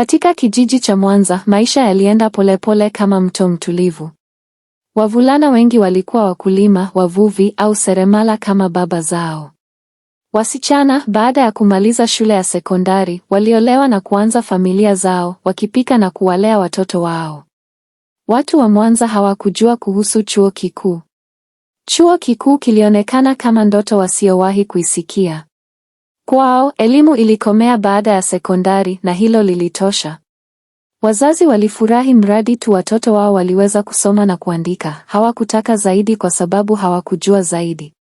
Katika kijiji cha Mwanza, maisha yalienda polepole kama mto mtulivu. Wavulana wengi walikuwa wakulima, wavuvi au seremala kama baba zao. Wasichana, baada ya kumaliza shule ya sekondari, waliolewa na kuanza familia zao, wakipika na kuwalea watoto wao. Watu wa Mwanza hawakujua kuhusu chuo kikuu. Chuo kikuu kilionekana kama ndoto wasiowahi kuisikia. Kwao elimu ilikomea baada ya sekondari na hilo lilitosha. Wazazi walifurahi mradi tu watoto wao waliweza kusoma na kuandika. Hawakutaka zaidi kwa sababu hawakujua zaidi.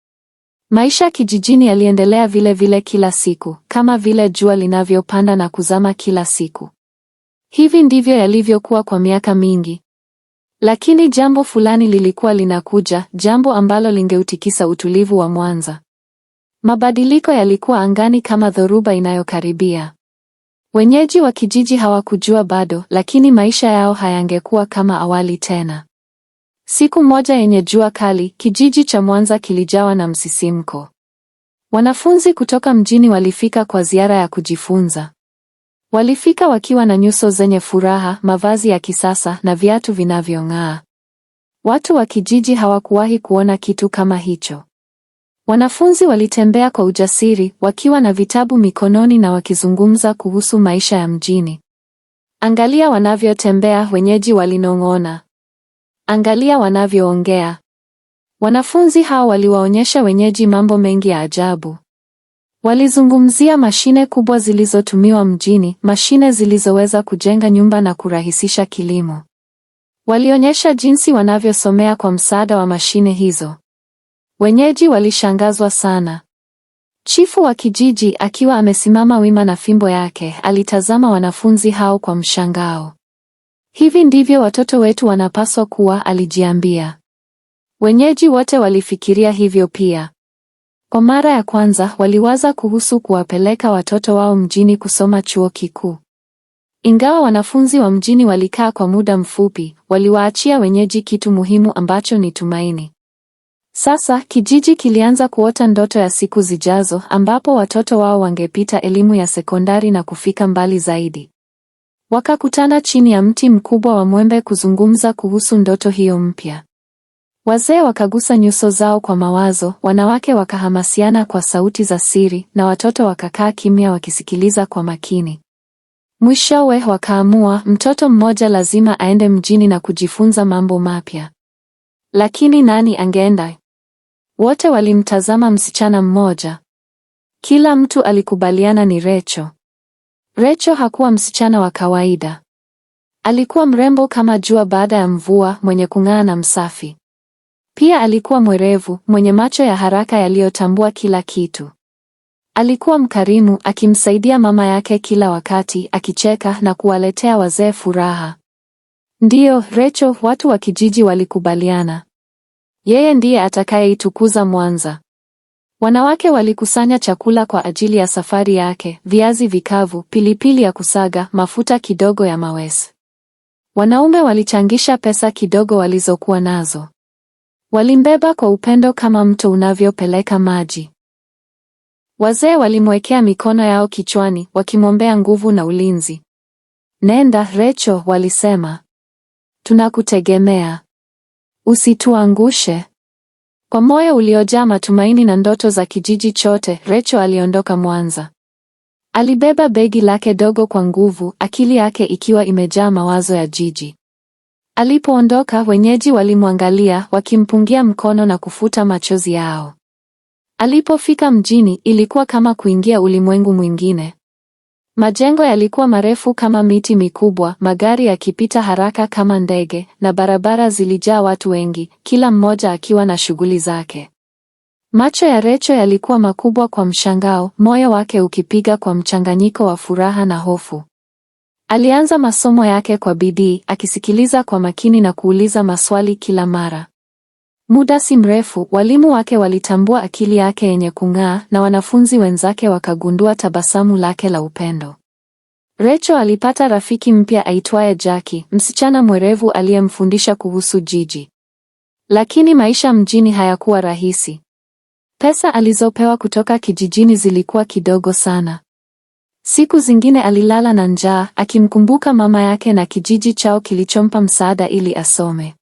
Maisha kijijini yaliendelea vile vile kila siku, kama vile jua linavyopanda na kuzama kila siku. Hivi ndivyo yalivyokuwa kwa miaka mingi. Lakini jambo fulani lilikuwa linakuja, jambo ambalo lingeutikisa utulivu wa Mwanza. Mabadiliko yalikuwa angani kama dhoruba inayokaribia. Wenyeji wa kijiji hawakujua bado, lakini maisha yao hayangekuwa kama awali tena. Siku moja yenye jua kali, kijiji cha Mwanza kilijawa na msisimko. Wanafunzi kutoka mjini walifika kwa ziara ya kujifunza. Walifika wakiwa na nyuso zenye furaha, mavazi ya kisasa na viatu vinavyong'aa. Watu wa kijiji hawakuwahi kuona kitu kama hicho. Wanafunzi walitembea kwa ujasiri wakiwa na vitabu mikononi na wakizungumza kuhusu maisha ya mjini. Angalia wanavyotembea, wenyeji walinong'ona. Angalia wanavyoongea. Wanafunzi hao waliwaonyesha wenyeji mambo mengi ya ajabu. Walizungumzia mashine kubwa zilizotumiwa mjini, mashine zilizoweza kujenga nyumba na kurahisisha kilimo. Walionyesha jinsi wanavyosomea kwa msaada wa mashine hizo. Wenyeji walishangazwa sana. Chifu wa kijiji akiwa amesimama wima na fimbo yake, alitazama wanafunzi hao kwa mshangao. Hivi ndivyo watoto wetu wanapaswa kuwa, alijiambia. Wenyeji wote walifikiria hivyo pia. Kwa mara ya kwanza waliwaza kuhusu kuwapeleka watoto wao mjini kusoma chuo kikuu. Ingawa wanafunzi wa mjini walikaa kwa muda mfupi, waliwaachia wenyeji kitu muhimu ambacho ni tumaini. Sasa kijiji kilianza kuota ndoto ya siku zijazo ambapo watoto wao wangepita elimu ya sekondari na kufika mbali zaidi. Wakakutana chini ya mti mkubwa wa mwembe kuzungumza kuhusu ndoto hiyo mpya. Wazee wakagusa nyuso zao kwa mawazo, wanawake wakahamasiana kwa sauti za siri na watoto wakakaa kimya wakisikiliza kwa makini. Mwishowe wakaamua mtoto mmoja lazima aende mjini na kujifunza mambo mapya. Lakini nani angeenda? Wote walimtazama msichana mmoja. Kila mtu alikubaliana ni Recho. Recho hakuwa msichana wa kawaida. Alikuwa mrembo kama jua baada ya mvua, mwenye kung'aa na msafi. Pia alikuwa mwerevu, mwenye macho ya haraka yaliyotambua kila kitu. Alikuwa mkarimu, akimsaidia mama yake kila wakati, akicheka na kuwaletea wazee furaha. Ndiyo, Recho, watu wa kijiji walikubaliana. Yeye ndiye atakayeitukuza Mwanza. Wanawake walikusanya chakula kwa ajili ya safari yake: viazi vikavu, pilipili ya kusaga, mafuta kidogo ya mawese. Wanaume walichangisha pesa kidogo walizokuwa nazo. Walimbeba kwa upendo kama mto unavyopeleka maji. Wazee walimwekea mikono yao kichwani, wakimwombea nguvu na ulinzi. Nenda Recho, walisema, tunakutegemea. Usituangushe. Kwa moyo uliojaa matumaini na ndoto za kijiji chote, Recho aliondoka Mwanza. Alibeba begi lake dogo kwa nguvu, akili yake ikiwa imejaa mawazo ya jiji. Alipoondoka, wenyeji walimwangalia wakimpungia mkono na kufuta machozi yao. Alipofika mjini, ilikuwa kama kuingia ulimwengu mwingine. Majengo yalikuwa marefu kama miti mikubwa, magari yakipita haraka kama ndege, na barabara zilijaa watu wengi, kila mmoja akiwa na shughuli zake. Macho ya Recho yalikuwa makubwa kwa mshangao, moyo wake ukipiga kwa mchanganyiko wa furaha na hofu. Alianza masomo yake kwa bidii, akisikiliza kwa makini na kuuliza maswali kila mara. Muda si mrefu, walimu wake walitambua akili yake yenye kung'aa na wanafunzi wenzake wakagundua tabasamu lake la upendo. Recho alipata rafiki mpya aitwaye Jackie, msichana mwerevu aliyemfundisha kuhusu jiji. Lakini maisha mjini hayakuwa rahisi. Pesa alizopewa kutoka kijijini zilikuwa kidogo sana. Siku zingine alilala na njaa akimkumbuka mama yake na kijiji chao kilichompa msaada ili asome.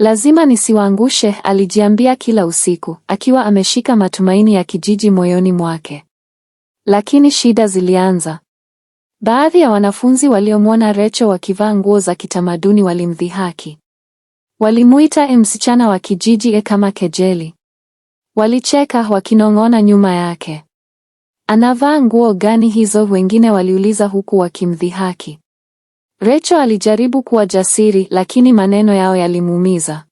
Lazima nisiwaangushe, alijiambia kila usiku, akiwa ameshika matumaini ya kijiji moyoni mwake. Lakini shida zilianza. Baadhi ya wanafunzi waliomwona Recho wakivaa nguo za kitamaduni walimdhihaki. Walimuita e msichana wa kijiji e, kama kejeli. Walicheka wakinong'ona nyuma yake, anavaa nguo gani hizo? Wengine waliuliza huku wakimdhihaki. Recho alijaribu kuwa jasiri, lakini maneno yao yalimuumiza.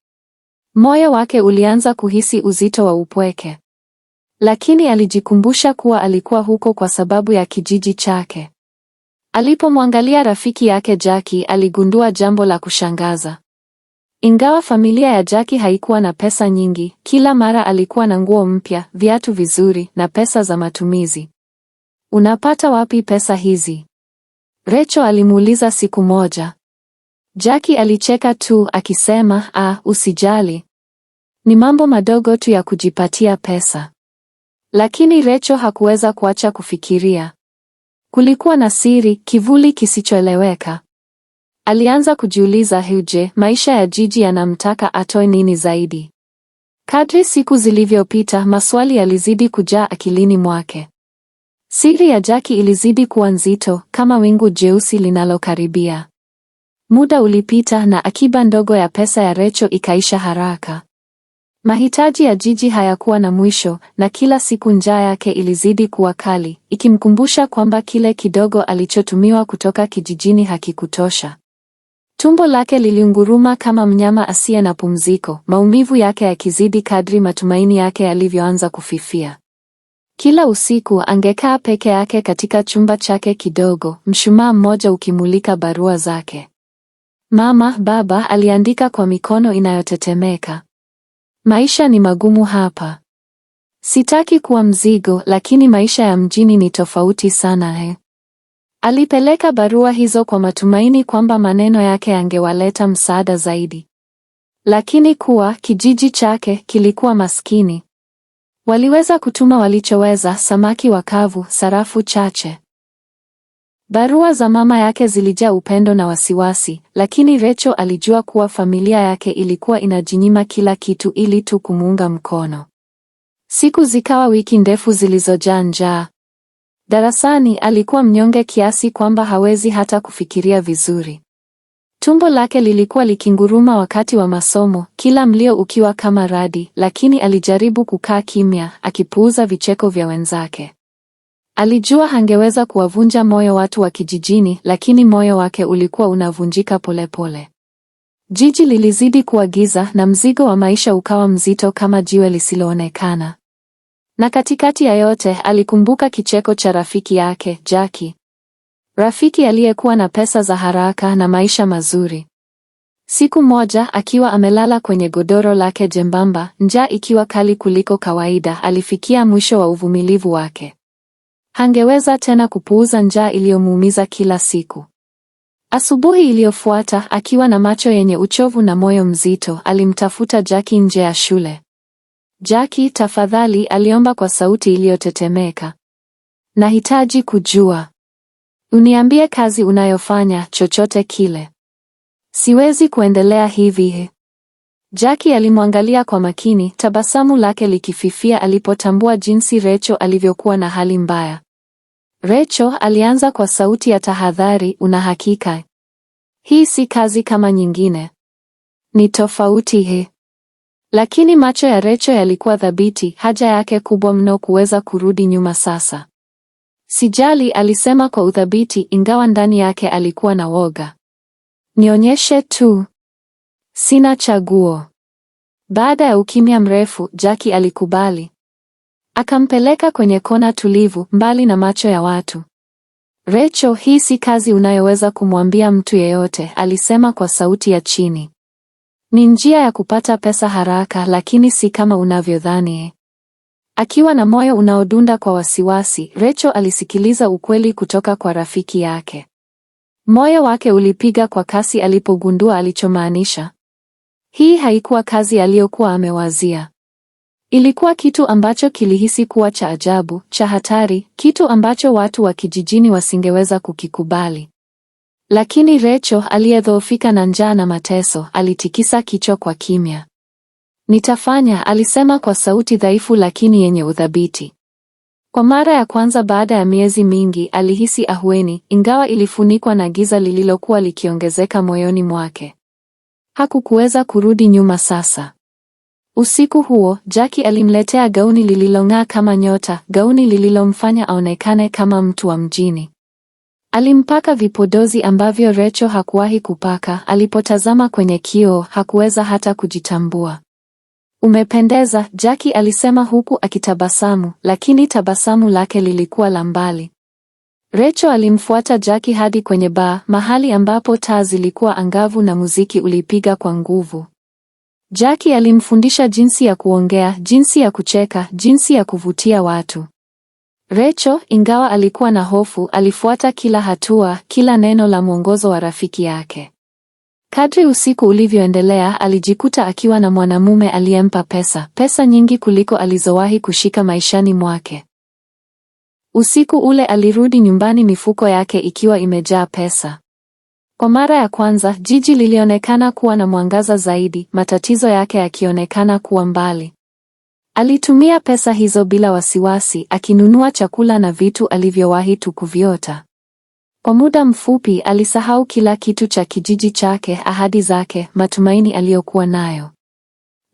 Moyo wake ulianza kuhisi uzito wa upweke, lakini alijikumbusha kuwa alikuwa huko kwa sababu ya kijiji chake. Alipomwangalia rafiki yake Jaki, aligundua jambo la kushangaza. Ingawa familia ya Jaki haikuwa na pesa nyingi, kila mara alikuwa na nguo mpya, viatu vizuri na pesa za matumizi. Unapata wapi pesa hizi? Recho alimuuliza siku moja. Jackie alicheka tu akisema, ah, usijali. Ni mambo madogo tu ya kujipatia pesa. Lakini Recho hakuweza kuacha kufikiria. Kulikuwa na siri, kivuli kisichoeleweka. Alianza kujiuliza, huje, maisha ya jiji yanamtaka atoe nini zaidi? Kadri siku zilivyopita, maswali yalizidi kujaa akilini mwake. Siri ya Jackie ilizidi kuwa nzito kama wingu jeusi linalokaribia. Muda ulipita na akiba ndogo ya pesa ya Recho ikaisha haraka. Mahitaji ya jiji hayakuwa na mwisho, na kila siku njaa yake ilizidi kuwa kali, ikimkumbusha kwamba kile kidogo alichotumiwa kutoka kijijini hakikutosha. Tumbo lake liliunguruma kama mnyama asiye na pumziko, maumivu yake yakizidi kadri matumaini yake yalivyoanza kufifia. Kila usiku angekaa peke yake katika chumba chake kidogo, mshumaa mmoja ukimulika barua zake. Mama, baba aliandika kwa mikono inayotetemeka. Maisha ni magumu hapa. Sitaki kuwa mzigo, lakini maisha ya mjini ni tofauti sana he. Eh. Alipeleka barua hizo kwa matumaini kwamba maneno yake yangewaleta msaada zaidi. Lakini kuwa kijiji chake kilikuwa maskini. Waliweza kutuma walichoweza: samaki wakavu, sarafu chache. Barua za mama yake zilijaa upendo na wasiwasi, lakini Recho alijua kuwa familia yake ilikuwa inajinyima kila kitu ili tu kumuunga mkono. Siku zikawa wiki ndefu zilizojaa njaa. Darasani alikuwa mnyonge kiasi kwamba hawezi hata kufikiria vizuri. Tumbo lake lilikuwa likinguruma wakati wa masomo, kila mlio ukiwa kama radi, lakini alijaribu kukaa kimya, akipuuza vicheko vya wenzake. Alijua angeweza kuwavunja moyo watu wa kijijini, lakini moyo wake ulikuwa unavunjika polepole. Jiji lilizidi kuwa giza na mzigo wa maisha ukawa mzito kama jiwe lisiloonekana. Na katikati ya yote, alikumbuka kicheko cha rafiki yake Jackie rafiki aliyekuwa na pesa za haraka na maisha mazuri. Siku moja akiwa amelala kwenye godoro lake jembamba, njaa ikiwa kali kuliko kawaida, alifikia mwisho wa uvumilivu wake. Hangeweza tena kupuuza njaa iliyomuumiza kila siku. Asubuhi iliyofuata, akiwa na macho yenye uchovu na moyo mzito, alimtafuta Jaki nje ya shule. Jaki, tafadhali, aliomba kwa sauti iliyotetemeka. Nahitaji kujua Uniambie kazi unayofanya, chochote kile. Siwezi kuendelea hivi. Jackie alimwangalia kwa makini, tabasamu lake likififia alipotambua jinsi Recho alivyokuwa na hali mbaya. Recho alianza kwa sauti ya tahadhari, una hakika? Hii si kazi kama nyingine. Ni tofauti he. Lakini macho ya Recho yalikuwa thabiti, haja yake kubwa mno kuweza kurudi nyuma sasa. Sijali, alisema kwa uthabiti, ingawa ndani yake alikuwa na woga. Nionyeshe tu, sina chaguo. Baada ya ukimya mrefu, Jaki alikubali. Akampeleka kwenye kona tulivu, mbali na macho ya watu. Recho, hii si kazi unayoweza kumwambia mtu yeyote, alisema kwa sauti ya chini. Ni njia ya kupata pesa haraka, lakini si kama unavyodhani. Akiwa na moyo unaodunda kwa wasiwasi, Recho alisikiliza ukweli kutoka kwa rafiki yake. Moyo wake ulipiga kwa kasi alipogundua alichomaanisha. Hii haikuwa kazi aliyokuwa amewazia. Ilikuwa kitu ambacho kilihisi kuwa cha ajabu, cha hatari, kitu ambacho watu wa kijijini wasingeweza kukikubali. Lakini Recho aliyedhoofika na njaa na mateso, alitikisa kichwa kwa kimya. Nitafanya, alisema kwa sauti dhaifu lakini yenye uthabiti. Kwa mara ya kwanza baada ya miezi mingi alihisi ahueni, ingawa ilifunikwa na giza lililokuwa likiongezeka moyoni mwake. Hakukuweza kurudi nyuma sasa. Usiku huo Jackie alimletea gauni lililong'aa kama nyota, gauni lililomfanya aonekane kama mtu wa mjini. Alimpaka vipodozi ambavyo Recho hakuwahi kupaka. Alipotazama kwenye kioo, hakuweza hata kujitambua. Umependeza, Jackie alisema huku akitabasamu, lakini tabasamu lake lilikuwa la mbali. Recho alimfuata Jackie hadi kwenye baa, mahali ambapo taa zilikuwa angavu na muziki ulipiga kwa nguvu. Jackie alimfundisha jinsi ya kuongea, jinsi ya kucheka, jinsi ya kuvutia watu. Recho, ingawa alikuwa na hofu, alifuata kila hatua, kila neno la mwongozo wa rafiki yake. Kadri usiku ulivyoendelea, alijikuta akiwa na mwanamume aliyempa pesa, pesa nyingi kuliko alizowahi kushika maishani mwake. Usiku ule alirudi nyumbani, mifuko yake ikiwa imejaa pesa. Kwa mara ya kwanza, jiji lilionekana kuwa na mwangaza zaidi, matatizo yake yakionekana kuwa mbali. Alitumia pesa hizo bila wasiwasi, akinunua chakula na vitu alivyowahi tu kuviota. Kwa muda mfupi alisahau kila kitu cha kijiji chake, ahadi zake, matumaini aliyokuwa nayo.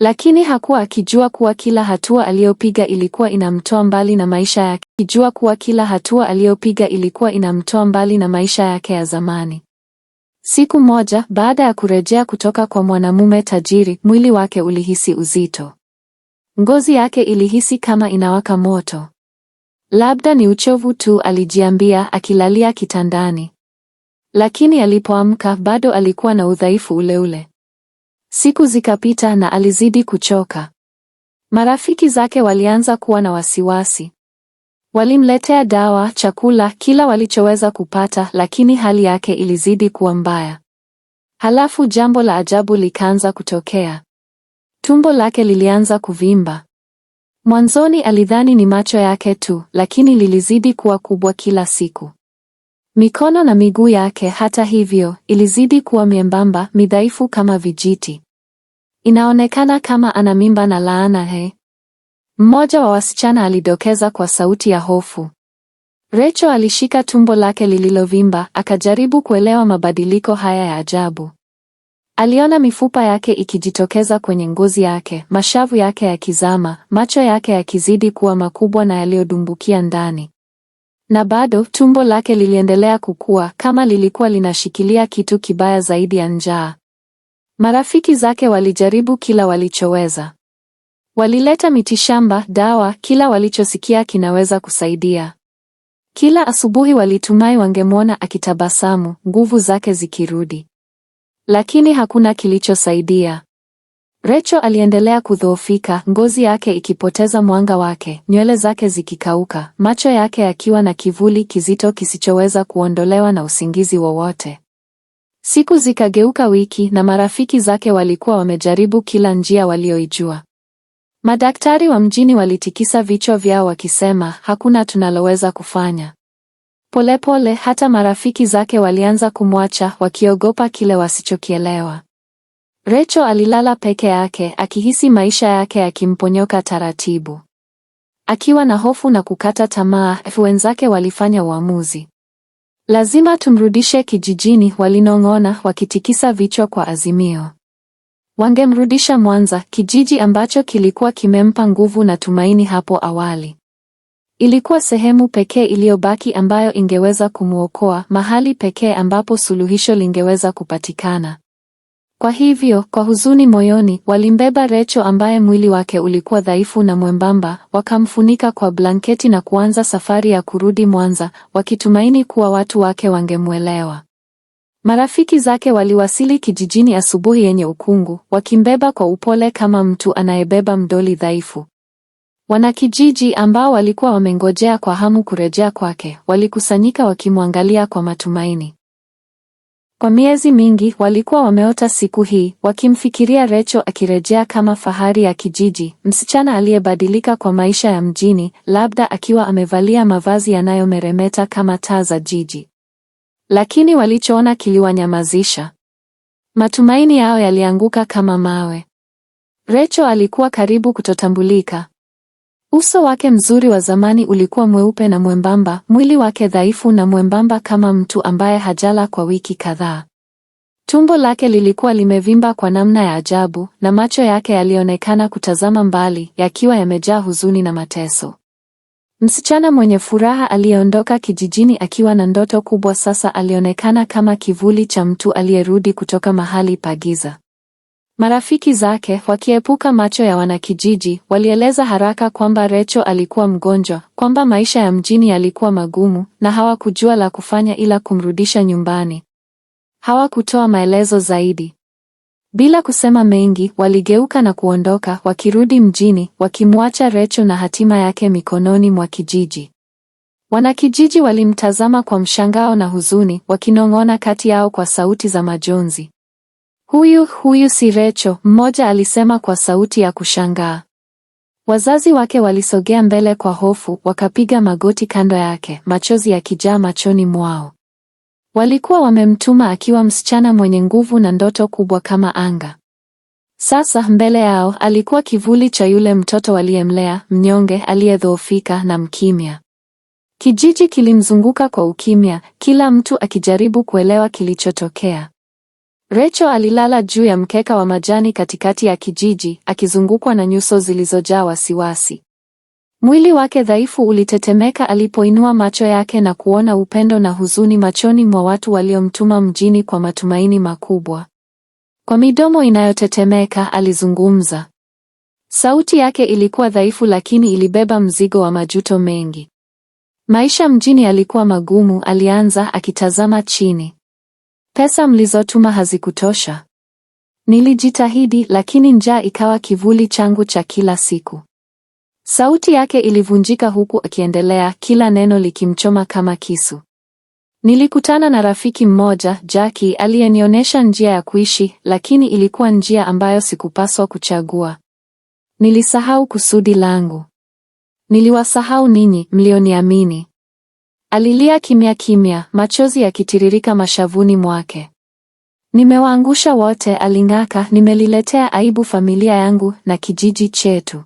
Lakini hakuwa akijua kuwa kila hatua aliyopiga ilikuwa inamtoa mbali na maisha yake, akijua kuwa kila hatua aliyopiga ilikuwa inamtoa mbali na maisha yake ya zamani. Siku moja baada ya kurejea kutoka kwa mwanamume tajiri, mwili wake ulihisi uzito. Ngozi yake ilihisi kama inawaka moto. Labda ni uchovu tu, alijiambia akilalia kitandani. Lakini alipoamka bado alikuwa na udhaifu ule ule. Siku zikapita na alizidi kuchoka. Marafiki zake walianza kuwa na wasiwasi. Walimletea dawa, chakula, kila walichoweza kupata, lakini hali yake ilizidi kuwa mbaya. Halafu jambo la ajabu likaanza kutokea. Tumbo lake lilianza kuvimba. Mwanzoni alidhani ni macho yake tu, lakini lilizidi kuwa kubwa kila siku. Mikono na miguu yake, hata hivyo, ilizidi kuwa miembamba, midhaifu kama vijiti. Inaonekana kama ana mimba na laana he. Mmoja wa wasichana alidokeza kwa sauti ya hofu. Recho alishika tumbo lake lililovimba, akajaribu kuelewa mabadiliko haya ya ajabu. Aliona mifupa yake ikijitokeza kwenye ngozi yake, mashavu yake yakizama, macho yake yakizidi kuwa makubwa na yaliyodumbukia ndani. Na bado tumbo lake liliendelea kukua kama lilikuwa linashikilia kitu kibaya zaidi ya njaa. Marafiki zake walijaribu kila walichoweza. Walileta mitishamba, dawa, kila walichosikia kinaweza kusaidia. Kila asubuhi walitumai wangemwona akitabasamu, nguvu zake zikirudi lakini hakuna kilichosaidia. Recho aliendelea kudhoofika, ngozi yake ikipoteza mwanga wake, nywele zake zikikauka, macho yake yakiwa na kivuli kizito kisichoweza kuondolewa na usingizi wowote. Siku zikageuka wiki, na marafiki zake walikuwa wamejaribu kila njia walioijua. Madaktari wa mjini walitikisa vichwa vyao wakisema, hakuna tunaloweza kufanya. Polepole hata marafiki zake walianza kumwacha wakiogopa kile wasichokielewa. Recho alilala peke yake akihisi maisha yake yakimponyoka taratibu. Akiwa na hofu na kukata tamaa, wenzake walifanya uamuzi. Lazima tumrudishe kijijini, walinong'ona wakitikisa vichwa kwa azimio. Wangemrudisha Mwanza, kijiji ambacho kilikuwa kimempa nguvu na tumaini hapo awali. Ilikuwa sehemu pekee iliyobaki ambayo ingeweza kumwokoa, mahali pekee ambapo suluhisho lingeweza kupatikana. Kwa hivyo, kwa huzuni moyoni, walimbeba Recho ambaye mwili wake ulikuwa dhaifu na mwembamba, wakamfunika kwa blanketi na kuanza safari ya kurudi Mwanza, wakitumaini kuwa watu wake wangemwelewa. Marafiki zake waliwasili kijijini asubuhi yenye ukungu, wakimbeba kwa upole kama mtu anayebeba mdoli dhaifu. Wanakijiji ambao walikuwa wamengojea kwa hamu kurejea kwake walikusanyika wakimwangalia kwa matumaini. Kwa miezi mingi walikuwa wameota siku hii, wakimfikiria Recho akirejea kama fahari ya kijiji, msichana aliyebadilika kwa maisha ya mjini, labda akiwa amevalia mavazi yanayomeremeta kama taa za jiji. Lakini walichoona kiliwanyamazisha. Matumaini yao yalianguka kama mawe. Recho alikuwa karibu kutotambulika. Uso wake mzuri wa zamani ulikuwa mweupe na mwembamba, mwili wake dhaifu na mwembamba kama mtu ambaye hajala kwa wiki kadhaa. Tumbo lake lilikuwa limevimba kwa namna ya ajabu na macho yake yalionekana kutazama mbali, yakiwa yamejaa huzuni na mateso. Msichana mwenye furaha aliyeondoka kijijini akiwa na ndoto kubwa sasa alionekana kama kivuli cha mtu aliyerudi kutoka mahali pa giza. Marafiki zake wakiepuka macho ya wanakijiji, walieleza haraka kwamba Recho alikuwa mgonjwa, kwamba maisha ya mjini yalikuwa magumu na hawakujua la kufanya ila kumrudisha nyumbani. Hawakutoa maelezo zaidi. Bila kusema mengi, waligeuka na kuondoka wakirudi mjini, wakimwacha Recho na hatima yake mikononi mwa kijiji. Wanakijiji walimtazama kwa mshangao na huzuni, wakinong'ona kati yao kwa sauti za majonzi. Huyu huyu si Recho, mmoja alisema kwa sauti ya kushangaa. Wazazi wake walisogea mbele kwa hofu, wakapiga magoti kando yake, machozi yakijaa machoni mwao. Walikuwa wamemtuma akiwa msichana mwenye nguvu na ndoto kubwa kama anga. Sasa mbele yao alikuwa kivuli cha yule mtoto waliyemlea, mnyonge, aliyedhoofika na mkimya. Kijiji kilimzunguka kwa ukimya, kila mtu akijaribu kuelewa kilichotokea. Recho alilala juu ya mkeka wa majani katikati ya kijiji, akizungukwa na nyuso zilizojaa wasiwasi. Mwili wake dhaifu ulitetemeka alipoinua macho yake na kuona upendo na huzuni machoni mwa watu waliomtuma mjini kwa matumaini makubwa. Kwa midomo inayotetemeka alizungumza. Sauti yake ilikuwa dhaifu lakini ilibeba mzigo wa majuto mengi. Maisha mjini yalikuwa magumu, alianza akitazama chini. Pesa mlizotuma hazikutosha. Nilijitahidi lakini njaa ikawa kivuli changu cha kila siku. Sauti yake ilivunjika huku akiendelea, kila neno likimchoma kama kisu. Nilikutana na rafiki mmoja Jackie, aliyenionyesha njia ya kuishi, lakini ilikuwa njia ambayo sikupaswa kuchagua. Nilisahau kusudi langu. Niliwasahau ninyi mlioniamini. Alilia kimya kimya, machozi yakitiririka mashavuni mwake. Nimewaangusha wote, aling'aka, nimeliletea aibu familia yangu na kijiji chetu.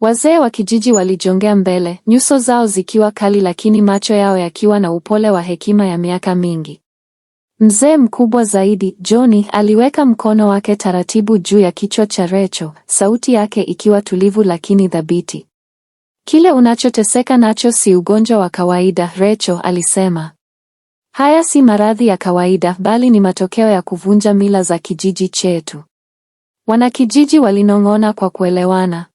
Wazee wa kijiji walijongea mbele, nyuso zao zikiwa kali, lakini macho yao yakiwa na upole wa hekima ya miaka mingi. Mzee mkubwa zaidi, Johnny, aliweka mkono wake taratibu juu ya kichwa cha Recho, sauti yake ikiwa tulivu lakini thabiti. Kile unachoteseka nacho si ugonjwa wa kawaida, Recho alisema. Haya si maradhi ya kawaida bali ni matokeo ya kuvunja mila za kijiji chetu. Wanakijiji walinong'ona kwa kuelewana.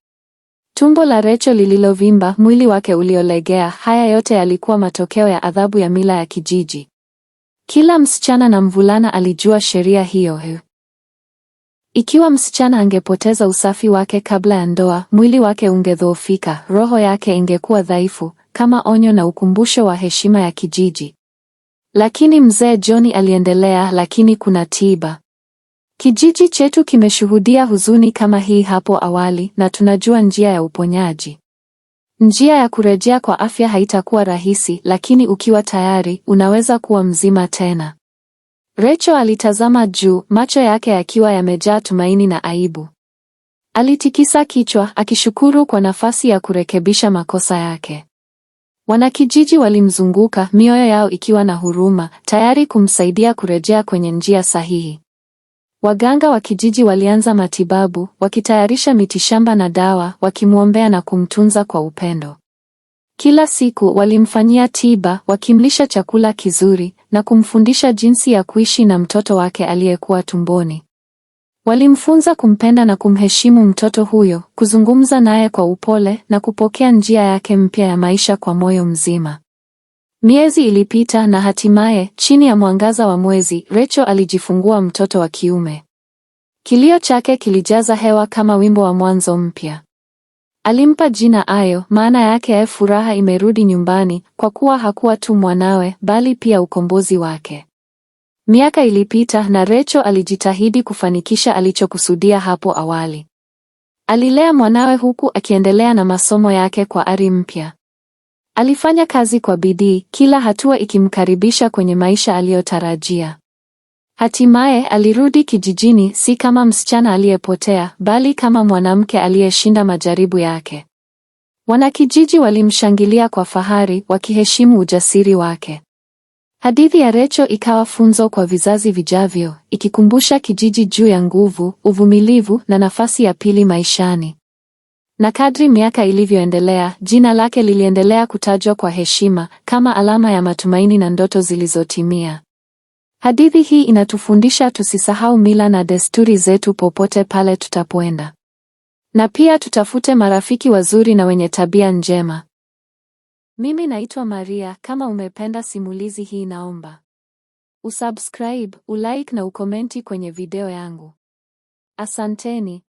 Tumbo la Recho lililovimba, mwili wake uliolegea, haya yote yalikuwa matokeo ya adhabu ya mila ya kijiji. Kila msichana na mvulana alijua sheria hiyo hiyo. Eh. Ikiwa msichana angepoteza usafi wake kabla ya ndoa, mwili wake ungedhoofika, roho yake ingekuwa dhaifu, kama onyo na ukumbusho wa heshima ya kijiji. Lakini mzee Johnny aliendelea, lakini kuna tiba. Kijiji chetu kimeshuhudia huzuni kama hii hapo awali na tunajua njia ya uponyaji. Njia ya kurejea kwa afya haitakuwa rahisi, lakini ukiwa tayari, unaweza kuwa mzima tena. Recho alitazama juu, macho yake yakiwa yamejaa tumaini na aibu. Alitikisa kichwa akishukuru kwa nafasi ya kurekebisha makosa yake. Wanakijiji walimzunguka, mioyo yao ikiwa na huruma, tayari kumsaidia kurejea kwenye njia sahihi. Waganga wa kijiji walianza matibabu, wakitayarisha mitishamba na dawa, wakimwombea na kumtunza kwa upendo. Kila siku walimfanyia tiba, wakimlisha chakula kizuri na kumfundisha jinsi ya kuishi na mtoto wake aliyekuwa tumboni. Walimfunza kumpenda na kumheshimu mtoto huyo, kuzungumza naye kwa upole na kupokea njia yake mpya ya maisha kwa moyo mzima. Miezi ilipita na hatimaye, chini ya mwangaza wa mwezi, Rachel alijifungua mtoto wa kiume. Kilio chake kilijaza hewa kama wimbo wa mwanzo mpya. Alimpa jina Ayo, maana yake ya furaha imerudi nyumbani, kwa kuwa hakuwa tu mwanawe bali pia ukombozi wake. Miaka ilipita na Recho alijitahidi kufanikisha alichokusudia hapo awali. Alilea mwanawe huku akiendelea na masomo yake kwa ari mpya. Alifanya kazi kwa bidii, kila hatua ikimkaribisha kwenye maisha aliyotarajia. Hatimaye alirudi kijijini, si kama msichana aliyepotea, bali kama mwanamke aliyeshinda majaribu yake. Wanakijiji walimshangilia kwa fahari, wakiheshimu ujasiri wake. Hadithi ya Recho ikawa funzo kwa vizazi vijavyo, ikikumbusha kijiji juu ya nguvu, uvumilivu na nafasi ya pili maishani. Na kadri miaka ilivyoendelea, jina lake liliendelea kutajwa kwa heshima, kama alama ya matumaini na ndoto zilizotimia. Hadithi hii inatufundisha tusisahau mila na desturi zetu popote pale tutapoenda, na pia tutafute marafiki wazuri na wenye tabia njema. Mimi naitwa Maria. Kama umependa simulizi hii, naomba usubscribe, ulike na ukomenti kwenye video yangu. Asanteni.